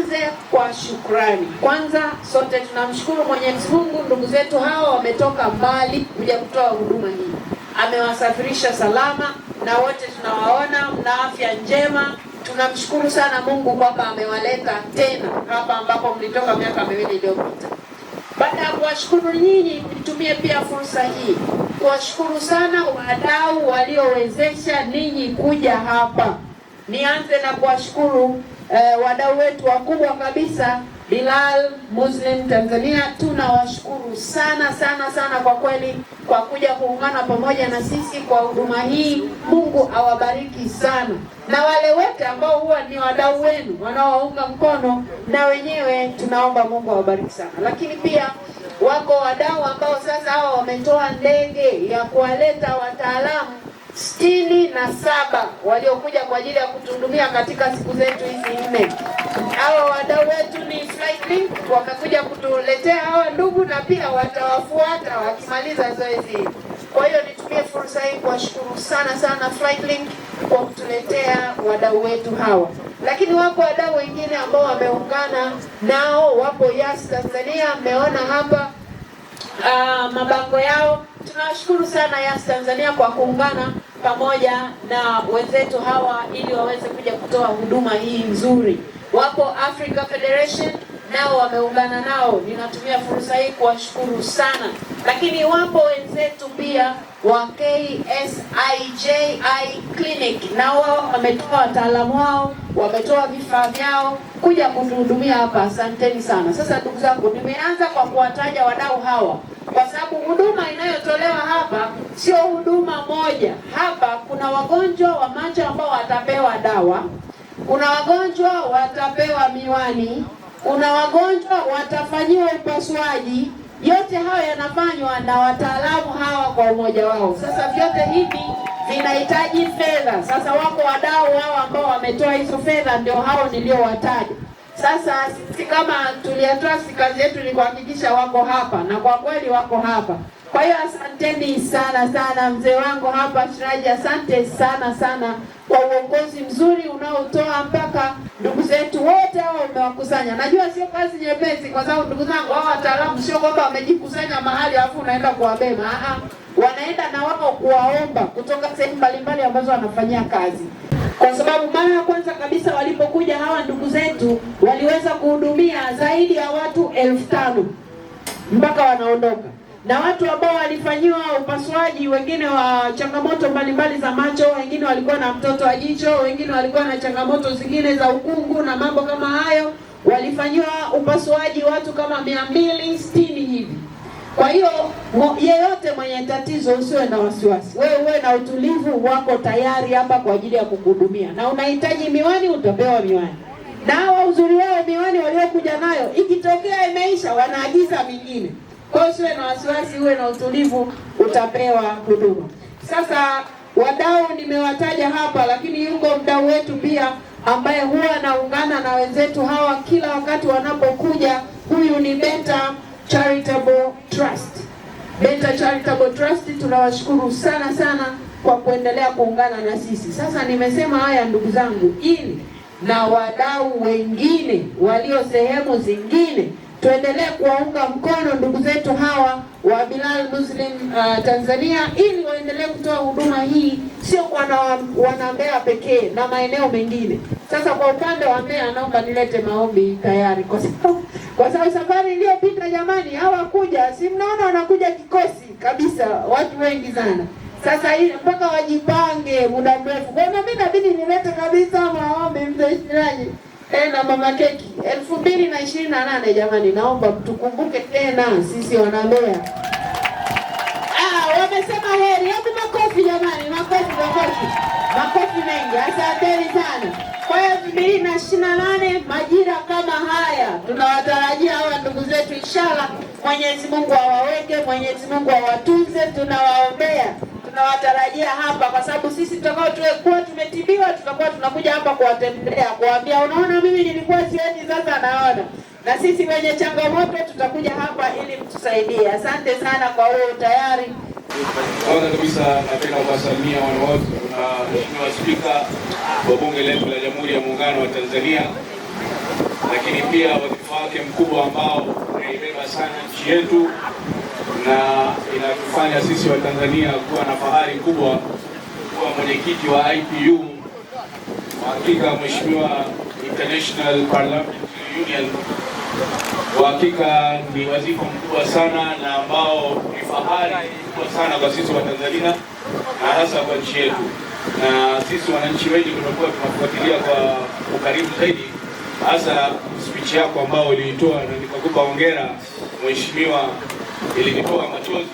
Tuanze kwa shukrani. Kwanza sote tunamshukuru Mwenyezi Mungu, ndugu zetu hawa wametoka mbali kuja kutoa huduma hii, amewasafirisha salama na wote tunawaona mna afya njema. Tunamshukuru sana Mungu kwamba amewaleta tena hapa ambapo mlitoka miaka miwili iliyopita. Baada ya kuwashukuru nyinyi, nitumie pia fursa hii kuwashukuru sana wadau waliowezesha ninyi kuja hapa. Nianze na kuwashukuru eh, wadau wetu wakubwa kabisa Bilal Muslim Tanzania, tunawashukuru sana sana sana kwa kweli kwa kuja kuungana pamoja na sisi kwa huduma hii. Mungu awabariki sana, na wale wote ambao huwa ni wadau wenu wanaowaunga mkono, na wenyewe tunaomba Mungu awabariki sana. Lakini pia wako wadau ambao sasa hawa wametoa ndege ya kuwaleta wataalamu sitini na saba waliokuja kwa ajili ya kutuhudumia katika siku zetu hizi nne. Hawa wadau wetu ni Cycling wakakuja kutuletea hawa ndugu na pia watawafuata wakimaliza zoezi hili. Kwa hiyo nitumie fursa hii kuwashukuru sana sana Cycling kwa kutuletea wadau wetu hawa, lakini wapo wadau wengine ambao wameungana nao, wapo Yas Tanzania, mmeona hapa uh, mabango yao Tunawashukuru sana Yas Tanzania kwa kuungana pamoja na wenzetu hawa ili waweze kuja kutoa huduma hii nzuri. Wapo Africa Federation nao wameungana nao, ninatumia fursa hii kuwashukuru sana, lakini wapo wenzetu pia wa KSIJI Clinic nao wao wametoa wataalamu wao, wametoa vifaa vyao kuja kutuhudumia hapa. Asanteni sana. Sasa ndugu zangu, nimeanza kwa kuwataja wadau hawa kwa sababu huduma inayotolewa hapa sio huduma moja. Hapa kuna wagonjwa wa macho ambao watapewa dawa, kuna wagonjwa watapewa miwani, kuna wagonjwa watafanyiwa upasuaji. Yote hayo yanafanywa na wataalamu hawa kwa umoja wao. Sasa vyote hivi vinahitaji fedha. Sasa wako wadau hao ambao wametoa hizo fedha, ndio hao niliowataja. Sasa sisi kama tuliatoa kazi yetu ni kuhakikisha wako hapa, na kwa kweli wako hapa. Kwa hiyo asanteni sana sana, mzee wangu hapa Shiraji, asante sana sana kwa uongozi mzuri unaotoa mpaka ndugu zetu wote hao umewakusanya. Najua sio kazi nyepesi, kwa sababu ndugu zangu hao wataalamu sio kwamba wamejikusanya mahali alafu unaenda kuwabeba, wanaenda na wao kuwaomba kutoka sehemu mbalimbali ambazo wanafanyia kazi kwa sababu mara ya kwanza kabisa walipokuja hawa ndugu zetu waliweza kuhudumia zaidi ya watu elfu tano mpaka wanaondoka, na watu ambao walifanyiwa upasuaji, wengine wa changamoto mbalimbali za macho, wengine walikuwa na mtoto wa jicho, wengine walikuwa na changamoto zingine za ukungu na mambo kama hayo, walifanyiwa upasuaji watu kama mia mbili sitini hivi. Kwa hiyo yeyote mwenye tatizo, usiwe na wasiwasi, wewe uwe na utulivu, wako tayari hapa kwa ajili ya kukuhudumia. Na unahitaji miwani, utapewa miwani, na hawa uzuri wao miwani waliokuja nayo, ikitokea imeisha, wanaagiza mingine. Kwa hiyo usiwe na wasiwasi, uwe na utulivu, utapewa huduma. Sasa wadau nimewataja hapa, lakini yuko mdau wetu pia ambaye huwa anaungana na wenzetu hawa kila wakati wanapokuja. Huyu ni beta Charitable Trust. Benta Charitable Trust tunawashukuru sana sana kwa kuendelea kuungana na sisi. Sasa nimesema haya ndugu zangu, ili na wadau wengine walio sehemu zingine tuendelee kuwaunga mkono ndugu zetu hawa wa Bilal Muslim uh, Tanzania ili waendelee kutoa huduma hii, sio kwa wana Mbeya pekee na maeneo mengine. Sasa kwa upande wa Mbeya, naomba nilete maombi tayari kwa sababu kwa sababu safari iliyopita jamani, hawakuja, si mnaona wanakuja kikosi kabisa, watu wengi sana. Sasa hii mpaka wajipange muda mrefu. Kwa hiyo mimi nabidi nilete kabisa maombi mtashiraji. Eh, na mama keki elfu mbili na ishirini na nane jamani, naomba mtukumbuke tena sisi wana Ah, wamesema heri. Hebu makofi jamani, makofi makofi. Makofi mengi. Asanteni sana. Kwa hiyo elfu mbili na ishirini na nane haya tunawatarajia hawa ndugu zetu, inshallah Mwenyezi Mungu awaweke, Mwenyezi Mungu awatunze, tunawaombea, tunawatarajia hapa, kwa sababu sisi tutakao tuwekuwa tumetibiwa, tutakuwa tunakuja hapa kuwatembelea, kuwaambia unaona, mimi nilikuwa sieni, sasa naona na sisi wenye changamoto tutakuja hapa ili mtusaidie. Asante sana kwa huo utayari. Kwanza kabisa napenda kuwasalimia wanawake na Mheshimiwa Spika wa Bunge letu la Jamhuri ya Muungano wa Tanzania lakini pia wadhifa wake mkubwa ambao unaibeba sana nchi yetu na inatufanya sisi Watanzania kuwa na fahari kubwa kuwa mwenyekiti wa IPU. Hakika Mheshimiwa International Parliamentary Union, hakika ni wazifa mkubwa sana na ambao ni fahari kubwa sana kwa sisi Watanzania na hasa kwa nchi yetu, na sisi wananchi wengi tumekuwa tunafuatilia kwa ukaribu zaidi Hasa speech yako ambayo uliitoa na nikakupa hongera mheshimiwa, ilinitoa machozi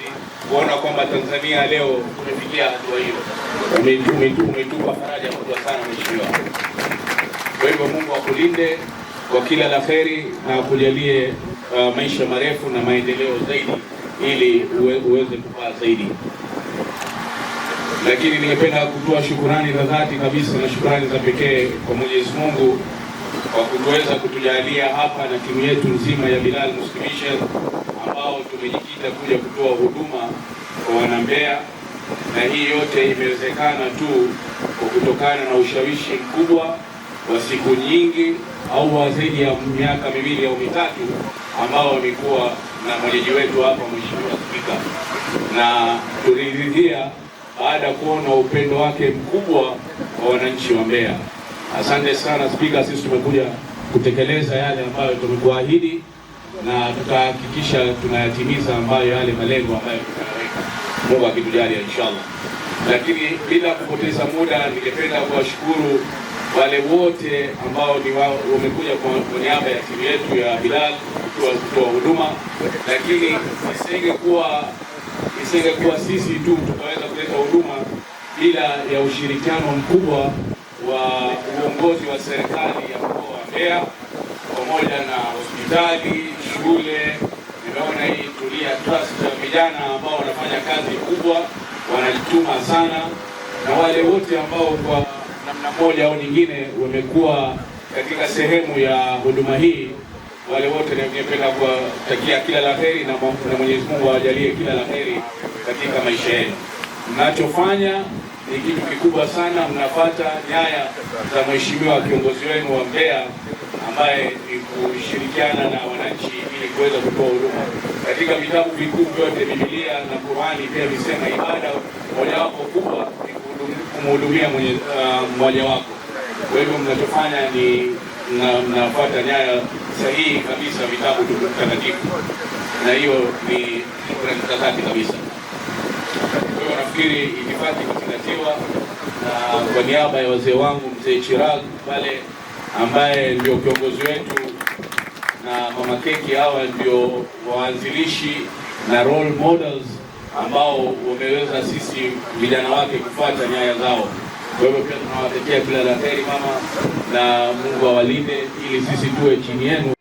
kuona kwamba Tanzania leo tumefikia hatua hiyo. Umeitupa faraja kubwa sana mheshimiwa. Kwa hivyo Mungu akulinde kwa kila la heri na akujalie uh, maisha marefu na maendeleo zaidi ili uwe, uweze kupaa zaidi. Lakini ningependa kutoa shukurani za dhati kabisa na shukurani za pekee kwa Mwenyezi Mungu kwa kuweza kutujalia hapa na timu yetu nzima ya Bilal Muslimisha ambao tumejikita kuja kutoa huduma kwa wanambea na hii yote imewezekana tu kwa kutokana na ushawishi mkubwa wa siku nyingi au wa zaidi ya miaka miwili au mitatu ambao wamekuwa na mwenyeji wetu hapa Mheshimiwa Spika, na tuliridhia baada ya kuona upendo wake mkubwa kwa wananchi wa Mbeya. Asante sana Spika, sisi tumekuja kutekeleza yale ambayo tumekuahidi na tutahakikisha tunayatimiza ambayo yale malengo ambayo tunayaweka, Mungu akitujalia inshallah. Lakini bila kupoteza muda, ningependa kuwashukuru wale wote ambao ni wamekuja kwa niaba ya timu yetu ya Bilal kutoa huduma, lakini isingekuwa isingekuwa sisi tu tukaweza kuleta huduma bila ya ushirikiano mkubwa wa uongozi wa serikali ya mkoa wa Mbeya pamoja na hospitali, shule. Nimeona hii Tulia Trust ya vijana ambao wanafanya kazi kubwa, wanajituma sana, na wale wote ambao kwa namna moja au nyingine wamekuwa katika sehemu ya huduma hii, wale wote ningependa kuwatakia kila la heri na Mwenyezi Mungu awajalie kila la heri katika maisha yenu mnachofanya ni kitu kikubwa sana. Mnapata nyaya za mheshimiwa kiongozi wenu wa Mbeya ambaye ni kushirikiana na wananchi ili kuweza kutoa huduma katika vitabu vikuu vyote, Biblia na Qurani pia visema ibada mojawapo kubwa ni kumhudumia ah, mmoja uh, wako. Kwa hivyo mnachofanya ni mnafuata nyaya sahihi kabisa vitabu takatifu, na hiyo ni kuna mkakati kabisa nafikiri itifaki ikizingatiwa, na kwa niaba ya wazee wangu mzee Chirag pale ambaye ndio kiongozi wetu na mama keki, hawa ndio waanzilishi na role models ambao wameweza sisi vijana wake kufuata nyaya zao. Kwa hivyo pia tunawatakia kila la heri mama, na Mungu awalinde ili sisi tuwe chini yenu